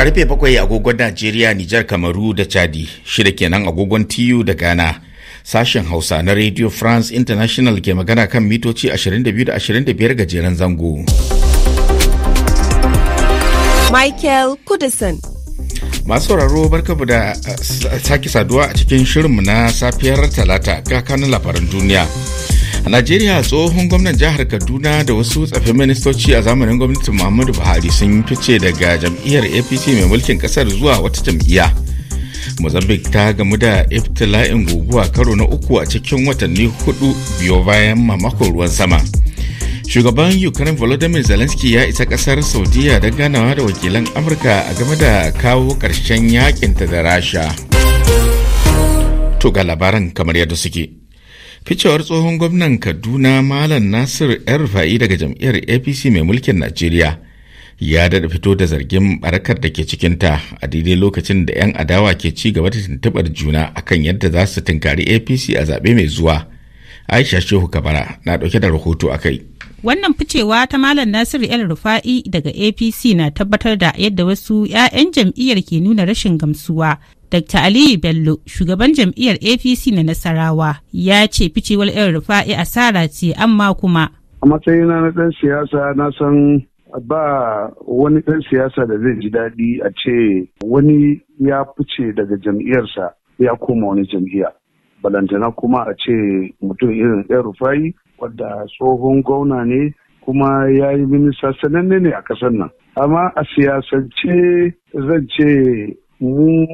karfe bakwai agogon najeriya nijar kamaru da chadi shida kenan agogon tu da ghana sashen hausa na radio france international ke magana kan mitoci 22 da 25 gajeren zango michael kudison masu sauraro barkamu da eh, sake saduwa a cikin shirinmu na safiyar talata ga kanin labaran duniya A Najeriya tsohon gwamnan jihar Kaduna da wasu tsafin ministoci a zamanin gwamnatin Muhammadu Buhari sun fice daga jam'iyyar APC mai mulkin kasar zuwa wata jam'iyya. Mozambique ta gamu da iftila'in guguwa karo na uku a cikin watanni hudu biyo bayan mamakon ruwan sama. Shugaban Ukraine Volodymyr Zelensky ya isa kasar Saudiya don ganawa da wakilan Amurka a game da kawo ƙarshen yakinta da Rasha. To ga labaran kamar yadda suke. ficewar tsohon gwamnan kaduna malam nasir rufa'i daga jam'iyyar apc mai mulkin najeriya ya daɗa fito da zargin barakar da ke cikinta a daidai lokacin da 'yan adawa ke ci gaba da tuntuɓar juna akan yadda za su tunkari apc a zaɓe mai zuwa aisha shehu kabara na ɗauke da rahoto a kai wannan ficewa ta malam nasir el rufa'i daga apc na tabbatar da yadda wasu 'ya'yan jam'iyyar ke nuna rashin gamsuwa Dr. Aliyu Bello, shugaban jam'iyyar APC na Nasarawa, ya ce ficewar 'yan rufa'i asara ce amma kuma. A matsayina na ɗan siyasa na san ba wani ɗan siyasa da zai ji daɗi a ce wani ya fice daga jam'iyyarsa ya koma wani jam'iyya. Balantana kuma a ce mutum irin yan rufa'i wadda tsohon gwamna ne kuma ya yi minista sananne ne a ƙasar nan. Amma a siyasance zan ce mu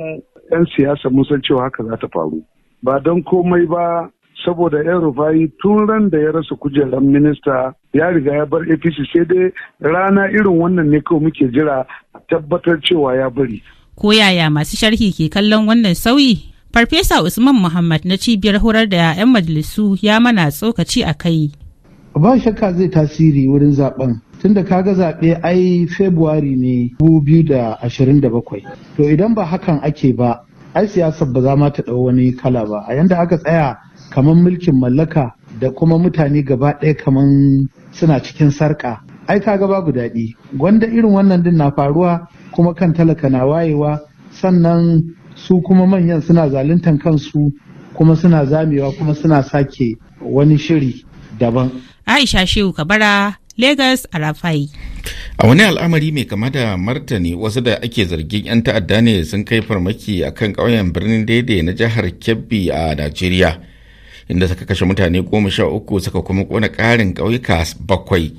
'yan siyasa mun san cewa haka za ta faru ba don komai ba saboda yan rufayi tun ran da ya rasa kujerar minista ya riga ya bar apc sai dai rana irin wannan ne kawai muke jira tabbatar cewa ya bari ko yaya masu sharhi ke kallon wannan sauyi farfesa usman muhammad na cibiyar horar da 'yan majalisu ya mana tsokaci a kai ba shakka zai tasiri wurin zaben tunda ga zaɓe ai february ne 2027 to idan ba hakan ake ba ai siyasar ba za ma ta ɗau wani kala ba a yanda aka tsaya kamar mulkin mallaka da kuma mutane gaba ɗaya kamar suna cikin sarƙa ai kaga babu daɗi gwanda irin wannan din na faruwa kuma kan talaka na wayewa sannan su kuma manyan suna zaluntan kansu kuma suna zamewa kuma suna sake wani shiri daban aisha shehu kabara Lagos a Rafai. A wani al'amari mai kama da martani wasu da ake zargin 'yan ta'adda ne sun kai farmaki a kan ƙauyen birnin daidai na jihar Kebbi a Najeriya, inda suka kashe mutane goma sha uku suka kuma kona ƙarin ƙauyuka bakwai.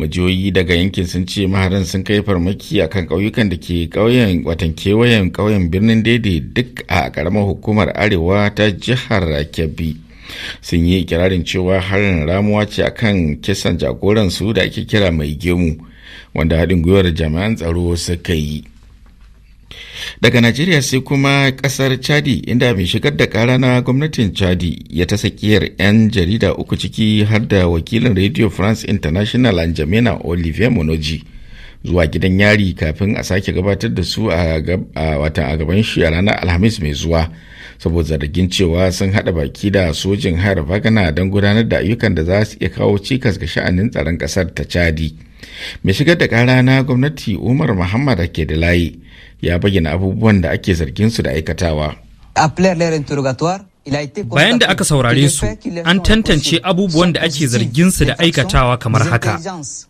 Majiyoyi daga yankin sun ce maharan sun kai farmaki a kan ƙauyukan da ke ƙauyen watan kewayen ƙauyen birnin daidai duk a ƙaramar hukumar arewa ta jihar Kebbi. sun yi ikirarin cewa harin ramuwa ce a kan kisan jagoransu da ake kira mai gemu wanda haɗin gwiwar jami'an tsaro suka yi daga najeriya sai kuma kasar chadi inda mai shigar da kara na gwamnatin chadi ya ta sakiyar 'yan jarida uku ciki har da wakilin radio france international anjamena olivier monoji zuwa gidan yari kafin a sake gabatar da su watan a gaban shi a ranar alhamis mai zuwa saboda zargin cewa sun haɗa baki da sojin hayar bagana don gudanar da ayyukan da za su iya kawo cikas ga sha'anin tsaron ƙasar ta chadi mai shigar da ƙara na gwamnati umar muhammad ake da layi ya bayyana abubuwan da ake zargin su da aikatawa. Bayan da aka saurare su, an tantance abubuwan da ake zargin su da aikatawa kamar haka.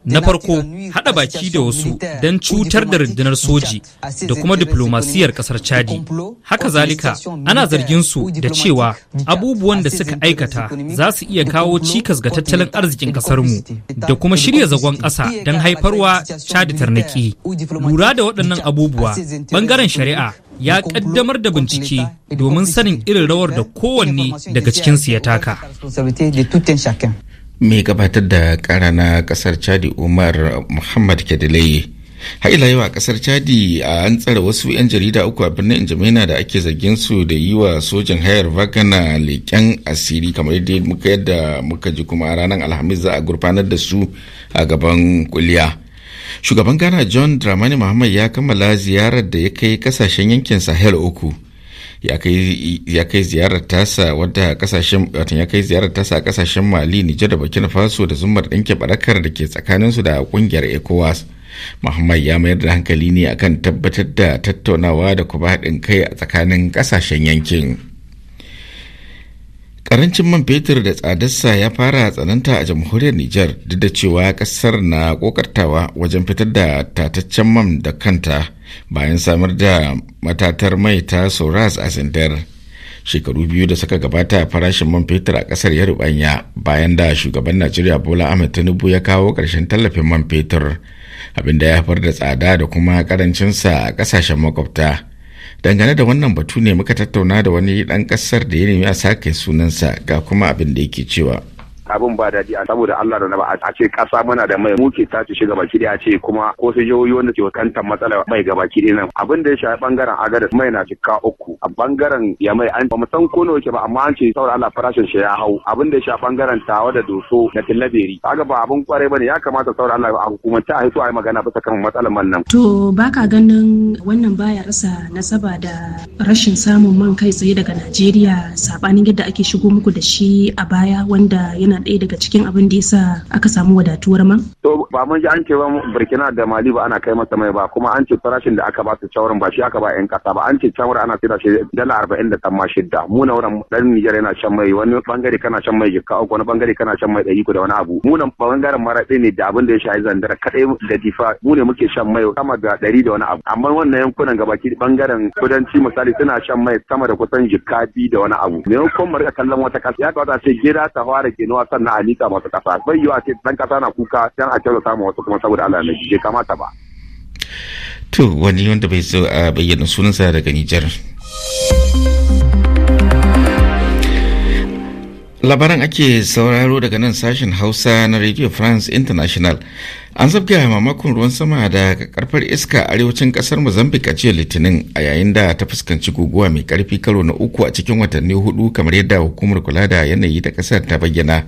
Na farko, haɗa baki da wasu don cutar da rundunar soji da kuma diplomasiyar ƙasar Chadi. Haka zalika, ana zargin su da cewa abubuwan da suka aikata za su iya kawo cikas ga tattalin arzikin ƙasarmu da kuma shirya zagon ƙasa don haifarwa Chadi tarnaki. Lura da waɗannan abubuwa, bangaren shari'a ya kaddamar da bincike domin sanin irin rawar da kowanne daga cikinsu ya taka. Mai gabatar da kara na kasar Chadi Umar Muhammad Kedilai? ila yau a kasar Chadi an tsare wasu 'yan jarida uku a birnin Injamena da ake zargin su da yi wa sojin hayar vagana leƙen asiri kamar yadda muka yadda muka ji kuma ranar Alhamis za a gurfanar da su a gaban kuliya. shugaban gana john dramani muhammad ya kammala ziyarar da ya kai kasashen yankin sahel uku ya kai ziyarar tasa wadda kasashen ya kai ziyarar tasa a kasashen mali nijar da burkina faso da zumar ɗinke barakar da ke tsakanin su da kungiyar ecowas muhammad ya mayar da hankali ne akan tabbatar da tattaunawa da kuma haɗin kai a tsakanin kasashen yankin Karancin man fetur da tsadarsa ya fara tsananta a jamhuriyar Nijar duk da cewa kasar na kokartawa wajen fitar da tataccen man da kanta bayan samar da matatar mai ta Soras a Sindar. Shekaru biyu da suka gabata farashin man fetur a kasar ya rubanya bayan da shugaban Najeriya Bola Ahmed Tinubu ya kawo ƙarshen tallafin man fetur abinda ya haifar da tsada da kuma karancinsa a ƙasashen makwabta. dangane da wannan batu ne muka tattauna da wani ɗan ƙasar da ya nemi a sake sunansa ga kuma abin da yake cewa abin ba daɗi a saboda Allah da na ba a ce ƙasa muna da mai muke ta ci gaba ki a ce kuma ko sai jihohi wanda ke kantar matsala mai gaba ki nan abin da ya shafi bangaren agada. mai na cika uku a bangaren ya mai an ba mu san ko nawa ke ba amma an ce saboda Allah farashin shi ya hau abin da ya shafi bangaren tawa da doso na tillaberi kaga ba abin kwarai bane ya kamata saboda Allah a hukumance a hito a yi magana bisa kan matsalar man nan to baka ganin wannan baya rasa nasaba da rashin samun man kai tsaye daga Najeriya sabanin yadda ake shigo muku da shi a baya wanda yana ɗaya daga cikin abin da yasa aka samu wadatuwar man? To ba mun ji an ce Burkina da Mali ba ana kai masa mai ba kuma an ce farashin da aka ba su shawarar ba shi aka ba 'yan kasa ba an ce shawarar ana saida shi dala arba'in da tsamma shidda mu na wurin ɗan Nijar yana shan mai wani bangare kana shan mai jikka wani bangare kana shan mai ɗari da wani abu mu na bangaren maraɗi ne da abin da ya shahi zandara kaɗai da difa mu ne muke shan mai sama da ɗari da wani abu amma wannan yankunan gabaki bangaren kudanci misali suna shan mai sama da kusan jikka biyu da wani abu kuma mu riƙa kallon wata ƙasa ya ta ce gida ta fara ginuwa sannan a mika masu kasa bai yiwa ce dan kasa na kuka dan a canza samun wasu kuma saboda Allah ne kamata ba to wani wanda bai so a bayyana sunansa daga Nijar labaran ake sauraro daga nan sashen hausa na radio france international an zabga mamakon ruwan sama da karfar iska arewacin kasar mozambique a jiya litinin a yayin da ta fuskanci guguwa mai karfi karo na uku a cikin watanni hudu kamar yadda hukumar kula da yanayi ta kasar ta bayyana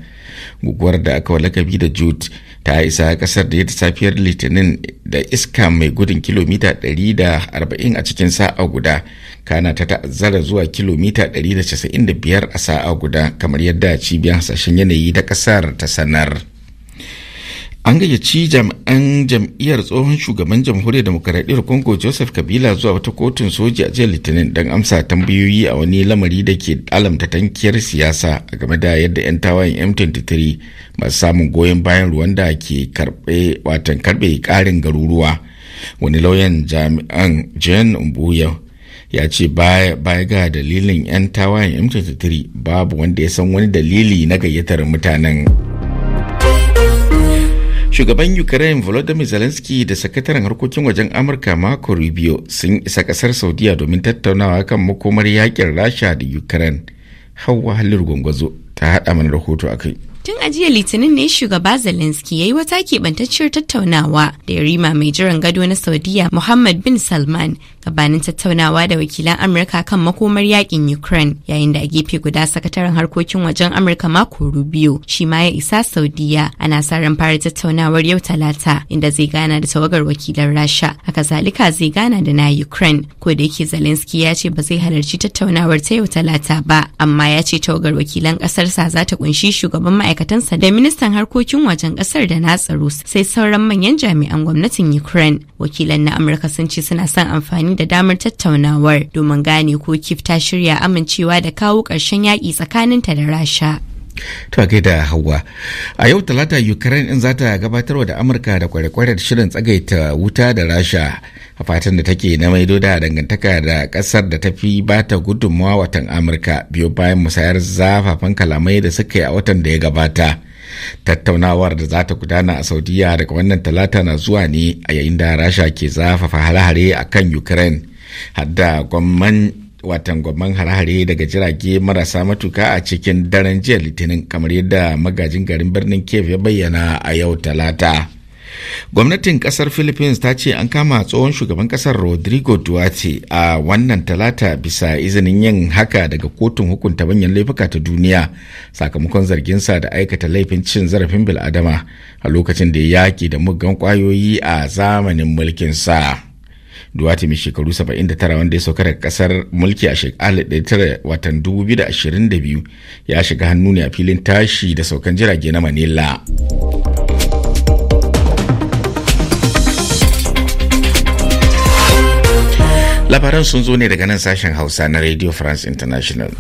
guguwar da aka lakabi da jude ta isa kasar da yadda safiyar litinin da iska mai gudun kilomita 140 a cikin sa'a guda kana ta ta'azzara zuwa kilomita 195 a sa'a guda kamar yadda cibiyar hasashen yanayi ta kasar ta sanar an gayyaci jami'an jam'iyyar tsohon shugaban jamhuriyar demokaradiyyar congo joseph kabila zuwa wata kotun soji a jiya litinin don amsa tambayoyi a wani lamari da ke alamta tankiyar siyasa a game da yadda 'yan tawayen m23 masu samun goyon bayan rwanda ke karbe watan karbe karin garuruwa wani lauyan jami'an jen mbuya ya ce baya ga dalilin 'yan tawayen m23 babu wanda ya san wani dalili na gayyatar mutanen. shugaban ukraine volodymyr zelensky da sakataren harkokin wajen amurka marco rubio sun isa kasar saudiya domin tattaunawa kan makomar yakin rasha da ukraine hawa halin gwangwazo ta hada mana rahoto a kai Tun a jiya Litinin ne shugaba Zelensky ya yi wata keɓantacciyar tattaunawa da yarima mai jiran gado na Saudiya Muhammad bin Salman gabanin tattaunawa da wakilan Amurka kan makomar yakin Ukraine yayin da a gefe guda sakataren harkokin wajen Amurka mako Rubio shi ma ya isa Saudiya ana sa ran fara tattaunawar yau Talata inda zai gana da tawagar wakilan Rasha haka zalika zai gana da na Ukraine ko da yake Zelensky ya ce ba zai halarci tattaunawar ta yau Talata ba amma ya ce tawagar wakilan kasarsa za ta kunshi shugaban ma'aikatansa da ministan harkokin wajen kasar da na tsaro sai sauran manyan jami'an gwamnatin Ukraine wakilan na Amurka sun ce suna son amfani da damar tattaunawar domin gane ko kif ta shirya amincewa da kawo ƙarshen yaƙi tsakaninta da rasha. To da Hauwa. A yau Talata Ukraine in za ta gabatarwa da Amurka da kwarekwarar shirin tsagaita wuta da Rasha a fatan da take na maido da dangantaka da kasar da ta fi ba ta gudunmawa watan Amurka biyo bayan musayar zafafan kalamai da suka yi a watan da ya gabata. tattaunawar da za ta gudana a saudiya daga wannan talata na zuwa ne a yayin da rasha ke zafafa hare a kan ukraine hadda gwamman watan gwamman hare daga jirage marasa matuka a cikin daren jiya litinin kamar yadda magajin garin birnin kiev ya bayyana a yau talata gwamnatin kasar philippines ta ce an kama tsohon shugaban kasar rodrigo duarte a wannan talata bisa izinin yin haka daga kotun hukunta manyan laifuka ta duniya sakamakon zarginsa da aikata laifin cin zarafin bil'adama a lokacin da ya yaki da muggan kwayoyi a zamanin mulkinsa. Duwati mai shekaru 79 wanda ya sauka daga kasar mulki a shekarar 2022 ya shiga hannu ne a filin tashi da saukan jirage na Manila. labaran sun zo ne daga nan sashen hausa na radio france international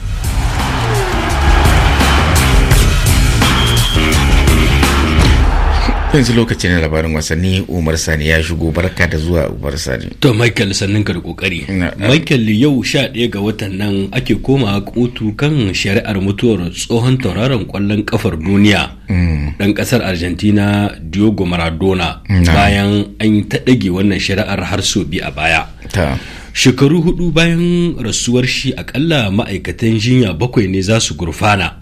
yanzu lokacin labarin wasanni umar sani ya shigo barka da zuwa umar sani to michael sannan ka da kokari michael yau sha ɗaya ga watan nan ake koma kotu kan shari'ar mutuwar tsohon tauraron kwallon kafar duniya dan mm. kasar argentina diogo maradona bayan an ta ɗage wannan shari'ar har sobi a baya shekaru hudu bayan rasuwar shi akalla ma'aikatan jinya bakwai ne za su gurfana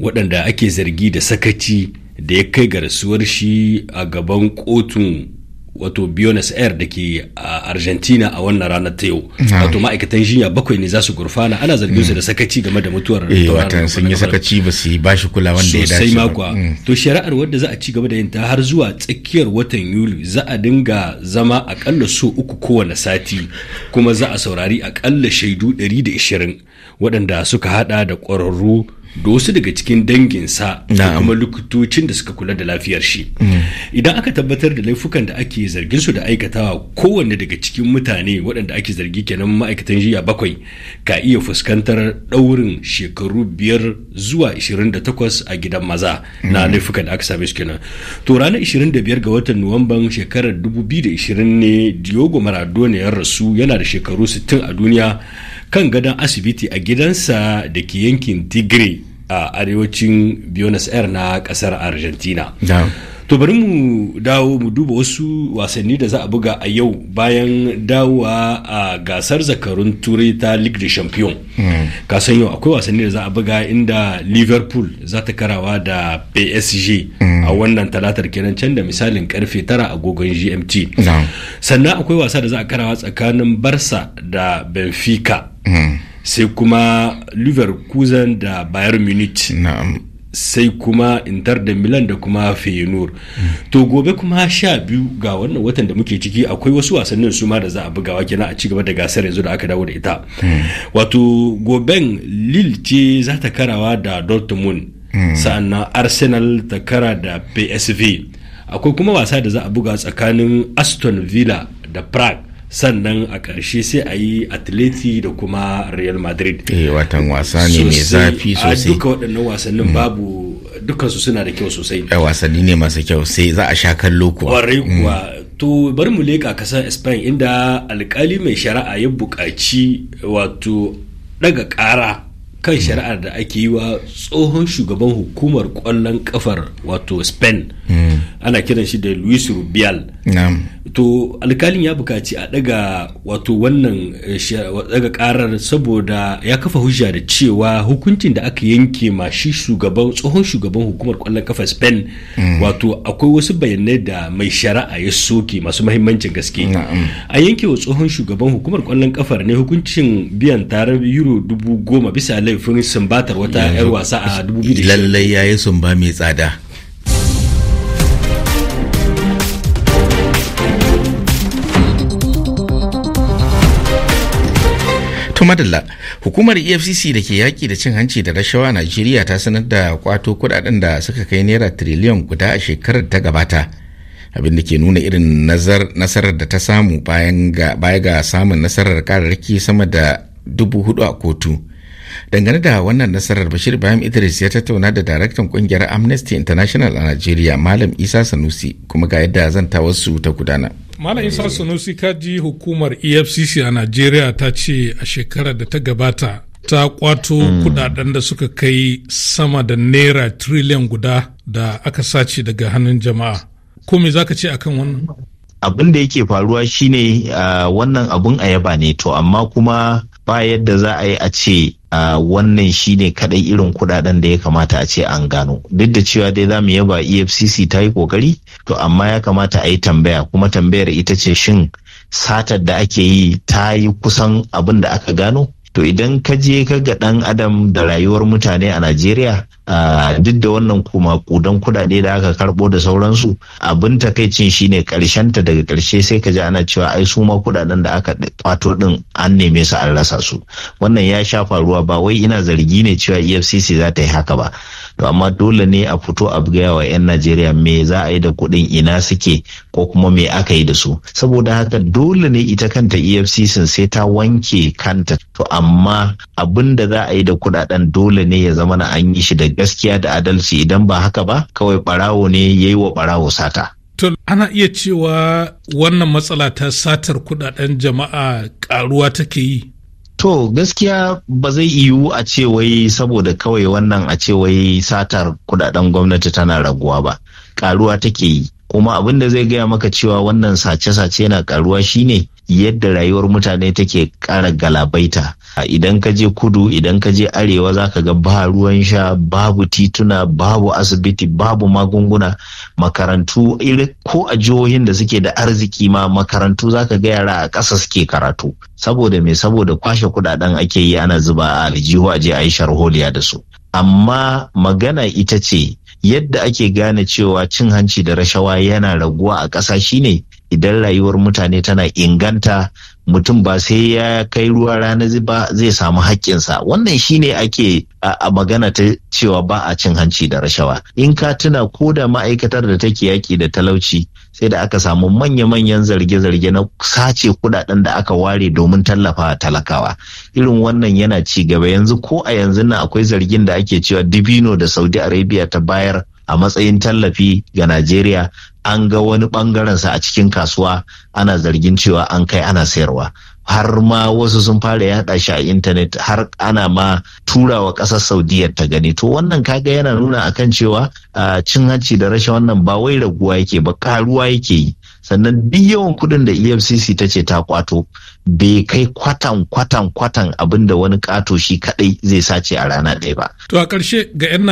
waɗanda ake zargi da sakaci da ya kai ga rasuwar shi a gaban kotun wato Buenos Aires da ke a Argentina a wannan ranar ta yau. Wato ma'aikatan jinya bakwai ne za su gurfana ana zargin su da mm. sakaci game da mutuwar. Eh watan sun yi sakaci ba su yi bashi kula wanda ya dace. Sosai makwa. Mm. To shari'ar wadda za a ci gaba da yin ta har zuwa tsakiyar watan Yuli za a dinga zama akalla so uku kowane sati kuma za a saurari akalla shaidu da 120 waɗanda suka haɗa da ƙwararru da wasu daga cikin danginsa da kuma likitocin da suka kula da lafiyar shi mm. idan aka tabbatar da laifukan da ake zargin su da aikatawa kowanne daga cikin mutane waɗanda ake zargi kenan ma'aikatan jiya bakwai ka iya fuskantar ɗaurin shekaru biyar zuwa 28 a gidan maza na mm. laifukan da aka same su kenan to ranar 25 ga watan nuwamban shekarar 2020 ne diogo maradona ya rasu yana da shekaru 60 a duniya kan gadon asibiti a gidansa da ke yankin tigray a arewacin buenos aires na kasar argentina to bari mu dawo mu duba wasu wasanni da za a buga a yau bayan dawowa a gasar zakarun turai ta league de champion hmm. kasan yau akwai wasanni da za a buga inda liverpool za ta karawa da psg hmm. a wannan talatar kenan can da misalin karfe tara agogon gmt sannan akwai wasa da za a karawa tsakanin barsa da benfica hmm. sai kuma leverkusen da bayern munich sai kuma inter da milan da kuma feyenoord hmm. to gobe kuma sha biyu ga wannan watan da muke ciki akwai wasu wasannin suma da za a buga bugawa kenan a cigaba da gasar yanzu da aka dawo da ita hmm. wato goben lille ce za ta karawa da dortmund hmm. sa'annan arsenal ta kara da psv akwai kuma wasa da za a buga tsakanin aston villa da prague sannan a ƙarshe sai a yi atleti da kuma real madrid eh watan wasa ne mai zafi sosai duka waɗannan wasannin mm. babu dukansu suna da kyau sosai eh, wasanni ne masu kyau sai za a sha kallo kuwa mm. kuwa to bari mu leƙa kasar spain inda alkali mai shari'a ya buƙaci wato daga ƙara kan mm. shari'ar da ake yi wa tsohon shugaban hukumar ƙwallon ƙafar wato spain Mm. ana kiran shi da luis rubial to alkalin ya bukaci a daga wato wannan eh, daga karar saboda ya kafa hujja da cewa hukuncin da aka yanke ma shi shugaban tsohon shugaban hukumar kwallon kafa spain mm. wato akwai wasu bayanai da mai shari'a ya soke masu mahimmancin gaske a yanke wa tsohon shugaban hukumar kwallon kafar ne hukuncin biyan tarar euro dubu goma bisa laifin sumbatar wata 'yar wasa a dubu biyu lallai ya yi sumba mai tsada madalla hukumar efcc da ke yaƙi da cin hanci da rashawa a najeriya ta sanar da kwato kudaden da suka kai naira tiriliyan guda a shekarar ta gabata abin da ke nuna irin nasarar da ta samu baya ga samun nasarar kararraki sama da dubu hudu a kotu dangane da wannan nasarar bashir bayan idris ya tattauna da daraktan kungiyar amnesty international a najeriya malam isa sanusi kuma ga yadda zanta wasu ta gudana Malam Isa Sanusi kaji hukumar EFCC a Najeriya ta ce a shekarar da ta gabata ta kwato hmm. kudaden da suka kai sama da naira triliyan guda da aka sace daga hannun jama'a. kome za ka ce akan wannan? Abin da yake faruwa shine ah, wannan abun yaba ne to amma kuma ba yadda za a yi a ce Uh, wannan shi ne kadai irin kudaden da ya kamata a ce an gano duk da cewa dai zamu yaba efcc ta yi kokari to amma ya kamata a yi tambaya kuma tambayar ita ce shin satar da ake yi ta yi kusan abin da aka gano to idan ka je ka ga dan adam da rayuwar mutane a najeriya duk da wannan kuma kudan kudade da aka karbo da sauransu abin takaicin shine ta daga ƙarshe sai ka ji ana cewa ai su ma kudaden da aka kwato din an neme su an rasa su wannan ya sha faruwa ba wai ina zargi ne cewa efcc za ta yi haka ba to amma dole ne a fito a gaya wa 'yan najeriya me za a yi da kuɗin ina suke ko kuma me aka yi da su saboda haka dole ne ita kanta efcc sai ta wanke kanta to amma abin da za a yi da kuɗaɗen dole ne ya zama na an yi shi da gaskiya da adalci idan ba haka ba kawai ɓarawo ne ya yi wa ɓarawo sata To ana iya cewa wannan matsala ta satar kudaden jama'a karuwa take yi. To gaskiya ba zai iyu a ce wai saboda kawai wannan a ce wai satar kudaden gwamnati tana raguwa ba. Karuwa take yi. Kuma abin da zai gaya maka cewa wannan sace-sace yana karuwa shine yadda rayuwar mutane take ƙara galabaita. A idan ka je kudu idan ka je arewa za ka ga ba ruwan sha babu tituna babu asibiti babu magunguna makarantu ko a jihohin da suke da arziki ma makarantu za ka ga yara a ƙasa suke karatu saboda mai saboda kwashe kudaden ake yi ana zuba a aljihu a je a yi sharholiya da su amma magana ita ce yadda ake gane cewa cin hanci da rashawa yana raguwa a ƙasa shine idan rayuwar mutane tana inganta mutum ba sai ya kai ruwa rana ba zai samu haƙƙinsa wannan shine ake a magana ta cewa ba a cin hanci da rashawa in ka tuna ko da ma'aikatar da take yaƙi da talauci sai da aka samu manya-manyan zarge-zarge na sace kudaden da aka ware domin tallafa talakawa irin wannan yana ci gaba yanzu ko a yanzu na akwai zargin da ake cewa dibino da saudi arabia ta bayar a matsayin tallafi ga Najeriya an ga wani sa a cikin kasuwa ana zargin cewa an kai ana sayarwa. Har ma wasu sun fara yaɗa shi a intanet har ana ma turawa ƙasar Saudiya ta gani. To wannan kaga yana nuna akan cewa cin hanci da rashin wannan ba wai raguwa yake ba karuwa yake yi. sannan duk yawan kudin da efcc ta ce ta kwato bai kai kwatan kwatan kwatan abinda wani kato shi kaɗai zai sace a rana ɗaya ba to a ƙarshe ga 'yan